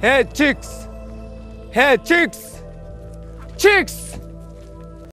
Hey, chicks! Hey, chicks! Chicks!